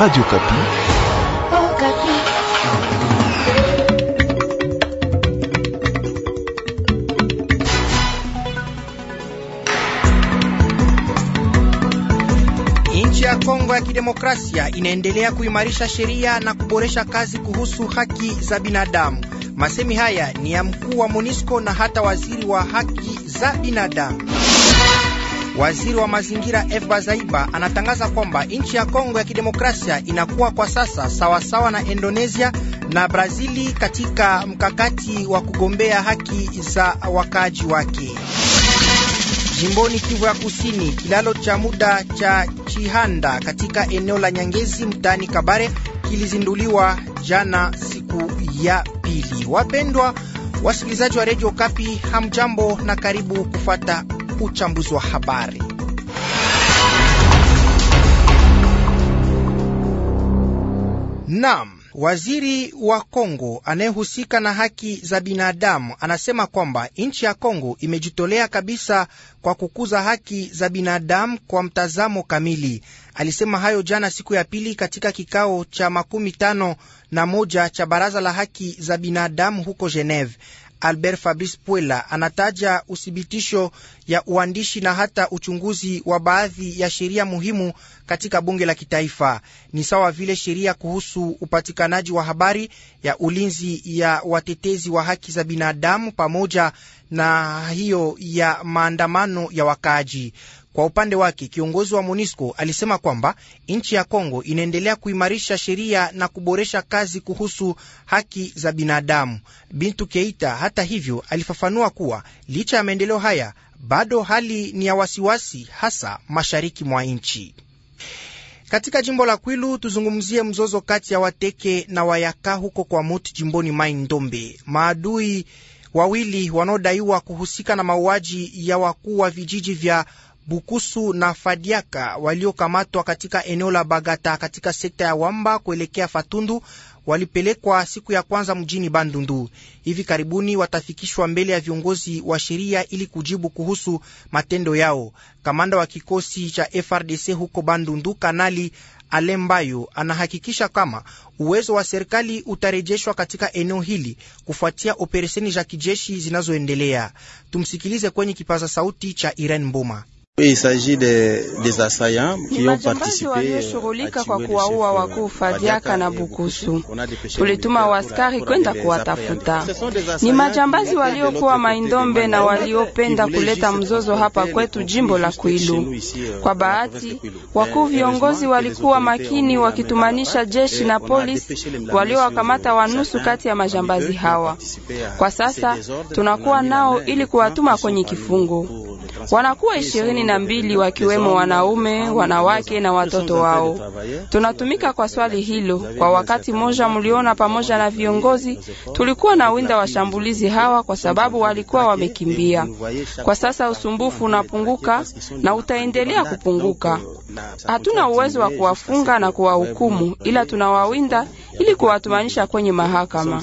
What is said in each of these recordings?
Radio Kapi. Oh, Kapi. Nchi ya Kongo ya Kidemokrasia inaendelea kuimarisha sheria na kuboresha kazi kuhusu haki za binadamu. Masemi haya ni ya mkuu wa MONUSCO na hata waziri wa haki za binadamu. Waziri wa mazingira F Bazaiba anatangaza kwamba nchi ya Kongo ya Kidemokrasia inakuwa kwa sasa sawasawa na Indonesia na Brazili katika mkakati wa kugombea haki za wakaaji wake. Jimboni Kivu ya Kusini, kilalo cha muda cha Chihanda katika eneo la Nyangezi mtaani Kabare kilizinduliwa jana siku ya pili. Wapendwa wasikilizaji wa Radio Kapi, hamjambo na karibu kufata uchambuzi wa habari. Naam. Waziri wa Kongo anayehusika na haki za binadamu anasema kwamba nchi ya Kongo imejitolea kabisa kwa kukuza haki za binadamu kwa mtazamo kamili. Alisema hayo jana siku ya pili katika kikao cha makumi tano na moja cha baraza la haki za binadamu huko Geneve. Albert Fabrice puela anataja uthibitisho ya uandishi na hata uchunguzi wa baadhi ya sheria muhimu katika bunge la kitaifa, ni sawa vile sheria kuhusu upatikanaji wa habari, ya ulinzi ya watetezi wa haki za binadamu, pamoja na hiyo ya maandamano ya wakaaji. Kwa upande wake kiongozi wa MONUSCO alisema kwamba nchi ya Kongo inaendelea kuimarisha sheria na kuboresha kazi kuhusu haki za binadamu. Bintu Keita hata hivyo alifafanua kuwa licha ya maendeleo haya bado hali ni ya wasiwasi, hasa mashariki mwa nchi. Katika jimbo la Kwilu tuzungumzie mzozo kati ya Wateke na Wayaka huko kwa Mut jimboni Mai Ndombe. Maadui wawili wanaodaiwa kuhusika na mauaji ya wakuu wa vijiji vya Bukusu na Fadiaka waliokamatwa katika eneo la Bagata katika sekta ya Wamba kuelekea Fatundu walipelekwa siku ya kwanza mjini Bandundu. Hivi karibuni watafikishwa mbele ya viongozi wa sheria ili kujibu kuhusu matendo yao. Kamanda wa kikosi cha FRDC huko Bandundu, Kanali Alembayo, anahakikisha kama uwezo wa serikali utarejeshwa katika eneo hili kufuatia operesheni za kijeshi zinazoendelea. Tumsikilize kwenye kipaza sauti cha Irene mbuma Majambazi walioshughulika kwa kuwaua wakuu Fadiaka na Bukusu, tulituma waskari kwenda kuwatafuta. Ni majambazi waliokuwa Maindombe na waliopenda kuleta mzozo hapa kwetu jimbo la Kwilu. Euh, kwa bahati, wakuu viongozi walikuwa makini, wakitumanisha jeshi na polisi waliowakamata wanusu kati ya majambazi hawa. Kwa sasa tunakuwa nao ili kuwatuma kwenye kifungo wanakuwa ishirini na mbili wakiwemo wanaume, wanawake na watoto wao. Tunatumika kwa swali hilo kwa wakati mmoja. Mliona pamoja na viongozi tulikuwa na winda washambulizi hawa kwa sababu walikuwa wamekimbia. Kwa sasa usumbufu unapunguka na utaendelea kupunguka. Hatuna uwezo wa kuwafunga na kuwahukumu, ila tunawawinda ili kuwatumanisha kwenye mahakama.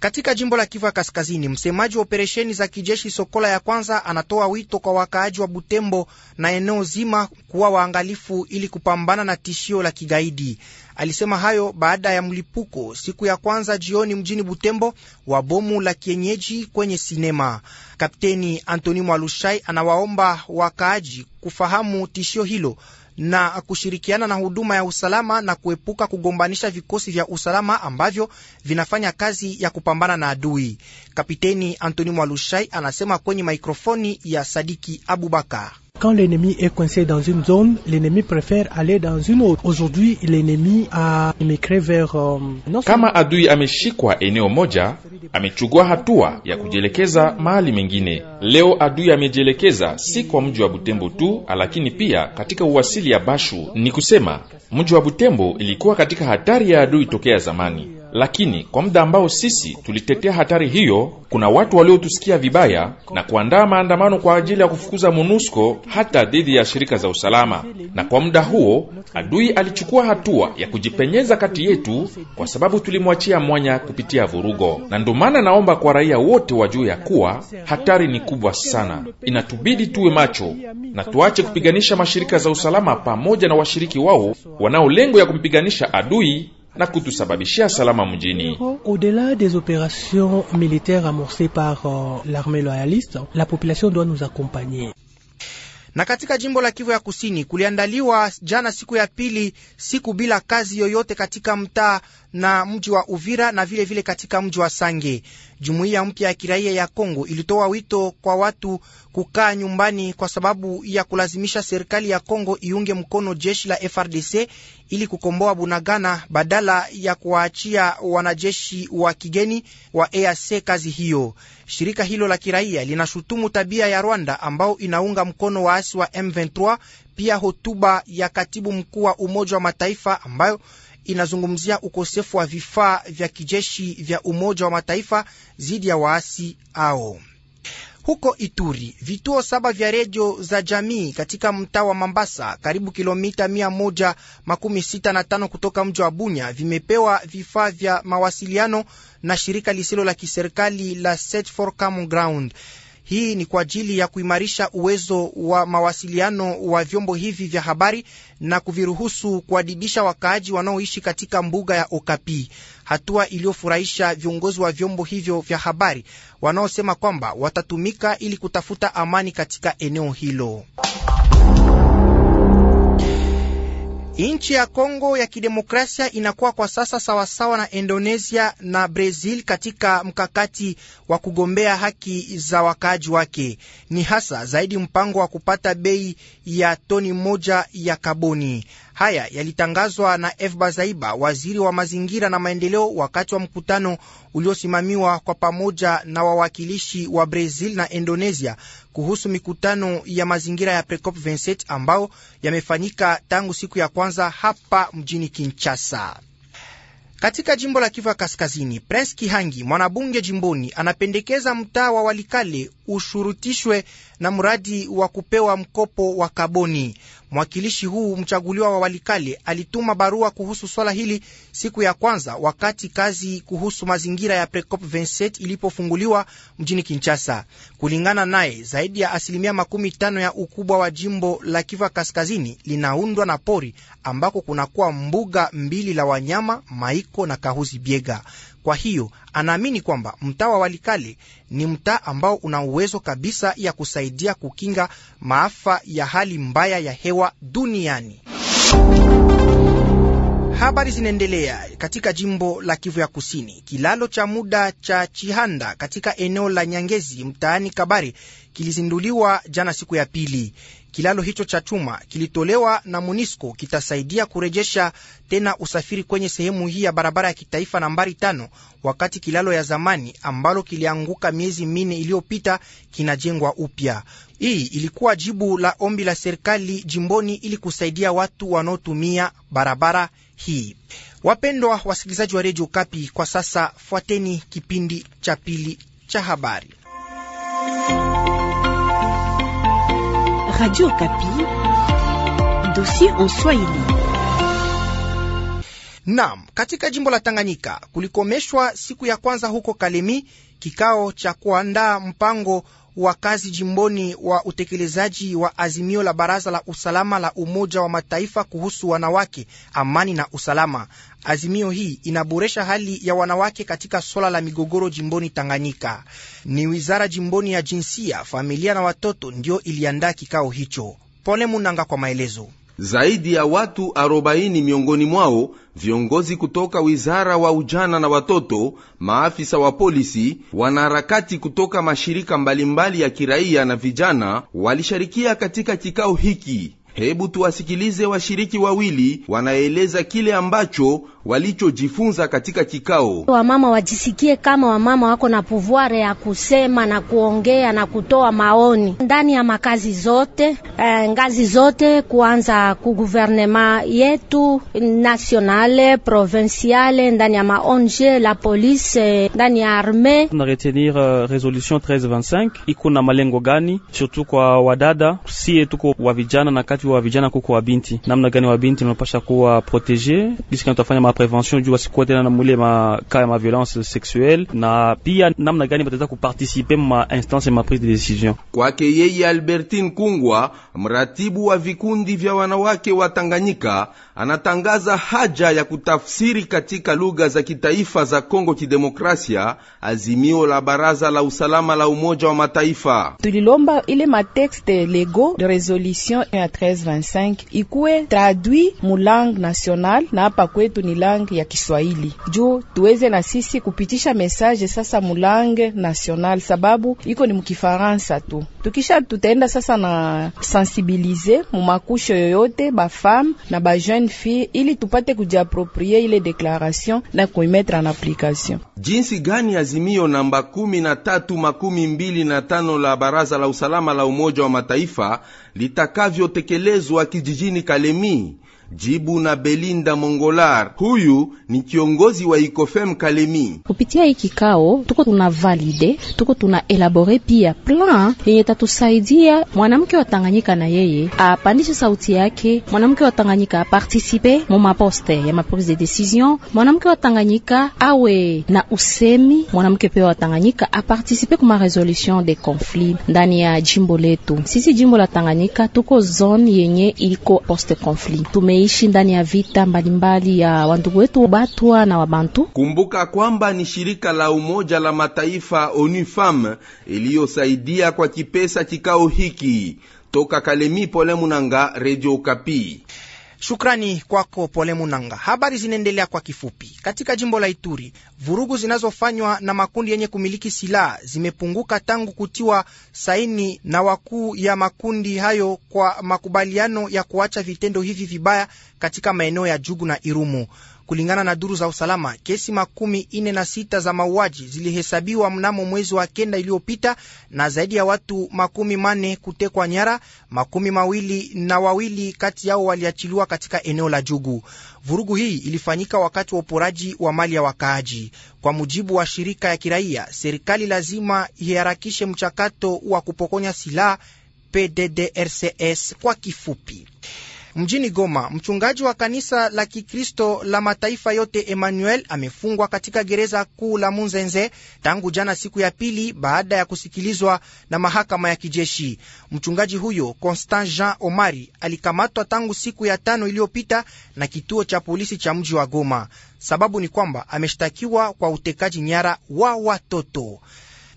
Katika jimbo la Kivu ya Kaskazini, msemaji wa operesheni za kijeshi Sokola ya kwanza anatoa wito kwa wakaaji wa Butembo na eneo zima kuwa waangalifu ili kupambana na tishio la kigaidi. Alisema hayo baada ya mlipuko siku ya kwanza jioni mjini Butembo wa bomu la kienyeji kwenye sinema. Kapteni Antoni Mwalushai anawaomba wakaaji kufahamu tishio hilo na kushirikiana na huduma ya usalama na kuepuka kugombanisha vikosi vya usalama ambavyo vinafanya kazi ya kupambana na adui. Kapiteni Antoni Mwalushai anasema kwenye maikrofoni ya Sadiki Abubakar. Quand l'ennemi est coincé dans une zone, l'ennemi préfère aller dans une autre. Aujourd'hui, l'ennemi a migré vers um, kama adui ameshikwa eneo moja, amechukua hatua ya kujielekeza mahali mengine. Leo adui amejielekeza si kwa mji wa Butembo tu, lakini pia katika uwasili ya Bashu. Ni kusema mji wa Butembo ilikuwa katika hatari ya adui tokea zamani. Lakini kwa muda ambao sisi tulitetea hatari hiyo, kuna watu waliotusikia vibaya na kuandaa maandamano kwa ajili ya kufukuza MONUSCO hata dhidi ya shirika za usalama. Na kwa muda huo adui alichukua hatua ya kujipenyeza kati yetu, kwa sababu tulimwachia mwanya kupitia vurugo. Na ndo maana naomba kwa raia wote wajue ya kuwa hatari ni kubwa sana, inatubidi tuwe macho na tuache kupiganisha mashirika za usalama pamoja na washiriki wao wanao lengo ya kumpiganisha adui na kutusababishia salama mjini. Au-delà des opérations militaires amorcées par uh, l'armée loyaliste, la population doit nous accompagner na katika jimbo la Kivu ya Kusini kuliandaliwa jana siku ya pili, siku bila kazi yoyote katika mtaa na mji wa Uvira na vilevile vile katika mji wa Sange. Jumuiya mpya ya kiraia ya Kongo ilitoa wito kwa watu kukaa nyumbani kwa sababu ya kulazimisha serikali ya Kongo iunge mkono jeshi la FRDC ili kukomboa Bunagana badala ya kuwaachia wanajeshi wa kigeni wa EAC kazi hiyo. Shirika hilo la kiraia linashutumu tabia ya Rwanda ambao inaunga mkono waasi wa M23, pia hotuba ya katibu mkuu wa Umoja wa Mataifa ambayo inazungumzia ukosefu wa vifaa vya kijeshi vya Umoja wa Mataifa dhidi ya waasi ao Huko Ituri, vituo saba vya redio za jamii katika mtaa wa Mambasa, karibu kilomita 165 kutoka mji wa Bunya, vimepewa vifaa vya mawasiliano na shirika lisilo la kiserikali la Search for Common Ground. Hii ni kwa ajili ya kuimarisha uwezo wa mawasiliano wa vyombo hivi vya habari na kuviruhusu kuadibisha wakaaji wanaoishi katika mbuga ya Okapi, hatua iliyofurahisha viongozi wa vyombo hivyo vya habari wanaosema kwamba watatumika ili kutafuta amani katika eneo hilo. Nchi ya Kongo ya Kidemokrasia inakuwa kwa sasa sawasawa na Indonesia na Brazil katika mkakati wa kugombea haki za wakaaji wake, ni hasa zaidi mpango wa kupata bei ya toni moja ya kaboni. Haya yalitangazwa na f Zaiba, waziri wa mazingira na maendeleo, wakati wa mkutano uliosimamiwa kwa pamoja na wawakilishi wa Brazil na Indonesia kuhusu mikutano ya mazingira ya Precop 27 ambao yamefanyika tangu siku ya kwanza hapa mjini Kinshasa. Katika jimbo la Kivu ya Kaskazini, Prince Kihangi, mwanabunge jimboni, anapendekeza mtaa wa Walikale ushurutishwe na mradi wa kupewa mkopo wa kaboni. Mwakilishi huu mchaguliwa wa Walikale alituma barua kuhusu swala hili siku ya kwanza wakati kazi kuhusu mazingira ya Precop 27 ilipofunguliwa mjini Kinshasa. Kulingana naye, zaidi ya asilimia makumi tano ya ukubwa wa jimbo la Kivu Kaskazini linaundwa na pori ambako kunakuwa mbuga mbili la wanyama Maiko na Kahuzi Biega. Kwa hiyo anaamini kwamba mtaa wa Walikale ni mtaa ambao una uwezo kabisa ya kusaidia kukinga maafa ya hali mbaya ya hewa duniani. Habari zinaendelea katika jimbo la Kivu ya Kusini. Kilalo cha muda cha Chihanda katika eneo la Nyangezi mtaani Kabare kilizinduliwa jana siku ya pili. Kilalo hicho cha chuma kilitolewa na MONUSCO kitasaidia kurejesha tena usafiri kwenye sehemu hii ya barabara ya kitaifa nambari tano, wakati kilalo ya zamani ambalo kilianguka miezi minne iliyopita kinajengwa upya. Hii ilikuwa jibu la ombi la serikali jimboni ili kusaidia watu wanaotumia barabara hii. Wapendwa wasikilizaji wa redio Kapi, kwa sasa fuateni kipindi cha pili cha habari. Radio Okapi, dossier en Swahili. Naam, katika jimbo la Tanganyika kulikomeshwa siku ya kwanza huko Kalemi kikao cha kuandaa mpango wa kazi jimboni wa utekelezaji wa azimio la Baraza la Usalama la Umoja wa Mataifa kuhusu wanawake, amani na usalama. Azimio hii inaboresha hali ya wanawake katika swala la migogoro jimboni Tanganyika. Ni wizara jimboni ya jinsia, familia na watoto ndio iliandaa kikao hicho. Pole Munanga kwa maelezo zaidi ya watu 40 miongoni mwao viongozi kutoka wizara wa ujana na watoto, maafisa wa polisi, wanaharakati kutoka mashirika mbalimbali mbali ya kiraia na vijana walisharikia katika kikao hiki. Hebu tuwasikilize washiriki wawili wanaeleza kile ambacho walichojifunza katika kikao. Wamama wajisikie kama wamama wako na pouvoir ya kusema na kuongea na kutoa maoni ndani ya makazi zote, eh, ngazi zote, kuanza ku guvernema yetu nationale, provinciale, ndani ya ma ONG, la police, eh, ndani ya arme. Tuna retenir uh, resolution 1325 iko na malengo gani, surtout kwa wadada, sie tuko wa vijana na kati wa vijana kuko wa binti, namna gani wa binti unapasha kuwa protege kisha tutafanya ma prevention juu wasikuwa tena na mule ma ka ma violence sexuelle, na pia namna gani wataweza kuparticipe ma instance ma prise de decision. Kwake yeye Albertine Kungwa, mratibu wa vikundi vya wanawake wa Tanganyika, anatangaza haja ya kutafsiri katika lugha za kitaifa za Kongo Kidemokrasia azimio la Baraza la Usalama la Umoja wa Mataifa. Tulilomba ile matexte lego de resolution ya 13 1325 ikuwe tradwi mu langue nationale na hapa kwetu ni langue ya Kiswahili, juu tuweze na sisi kupitisha message sasa mu langue nationale, sababu iko ni mukifaransa tu. Tukisha tutaenda sasa na sensibilize mu makusho yoyote bafame na ba jeune fille, ili tupate kujiaproprie ile declaration na kuimetre en application. Jinsi gani azimio namba kumi na tatu makumi mbili na tano la Baraza la Usalama la Umoja wa Mataifa litakavyotekelezwa kijijini Kalemi Jibu na Belinda Mongolar, huyu ni kiongozi wa Ikofem Kalemi. Kupitia hii kikao, tuko tuna valide, tuko tuna elabore pia plan yenye tatusaidia mwanamke wa Tanganyika na yeye apandishe sauti yake, mwanamke wa Tanganyika apartisipe mu maposte ya maprise de decision, mwanamke wa Tanganyika awe na usemi, mwanamke pia wa Tanganyika apartisipe kuma resolution de conflit ndani ya jimbo letu. Sisi jimbo la Tanganyika tuko zone yenye iko poste conflit tume wameishi ndani ya vita mbalimbali ya wandugu wetu Batwa na Wabantu. Kumbuka kwamba ni shirika la Umoja la Mataifa ONU-FEM iliyosaidia kwa kipesa kikao hiki. Toka Kalemi, Pole Munanga, Radio Kapi. Shukrani kwako Pole Munanga. Habari zinaendelea kwa kifupi. Katika jimbo la Ituri, vurugu zinazofanywa na makundi yenye kumiliki silaha zimepunguka tangu kutiwa saini na wakuu ya makundi hayo kwa makubaliano ya kuacha vitendo hivi vibaya katika maeneo ya Jugu na Irumu. Kulingana na duru za usalama, kesi makumi ine na sita za mauaji zilihesabiwa mnamo mwezi wa kenda iliyopita na zaidi ya watu makumi mane kutekwa nyara, makumi mawili na wawili kati yao waliachiliwa katika eneo la Jugu. Vurugu hii ilifanyika wakati wa uporaji wa mali ya wakaaji. Kwa mujibu wa shirika ya kiraia, serikali lazima iharakishe mchakato wa kupokonya silaha PDDRCS kwa kifupi mjini Goma. Mchungaji wa kanisa la Kikristo la mataifa yote Emmanuel amefungwa katika gereza kuu la Munzenze tangu jana, siku ya pili, baada ya kusikilizwa na mahakama ya kijeshi. Mchungaji huyo Constant Jean Omari alikamatwa tangu siku ya tano iliyopita na kituo cha polisi cha mji wa Goma. Sababu ni kwamba ameshtakiwa kwa utekaji nyara wa watoto.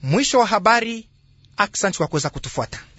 Mwisho wa habari. Aksanti kwa kuweza kutufuata.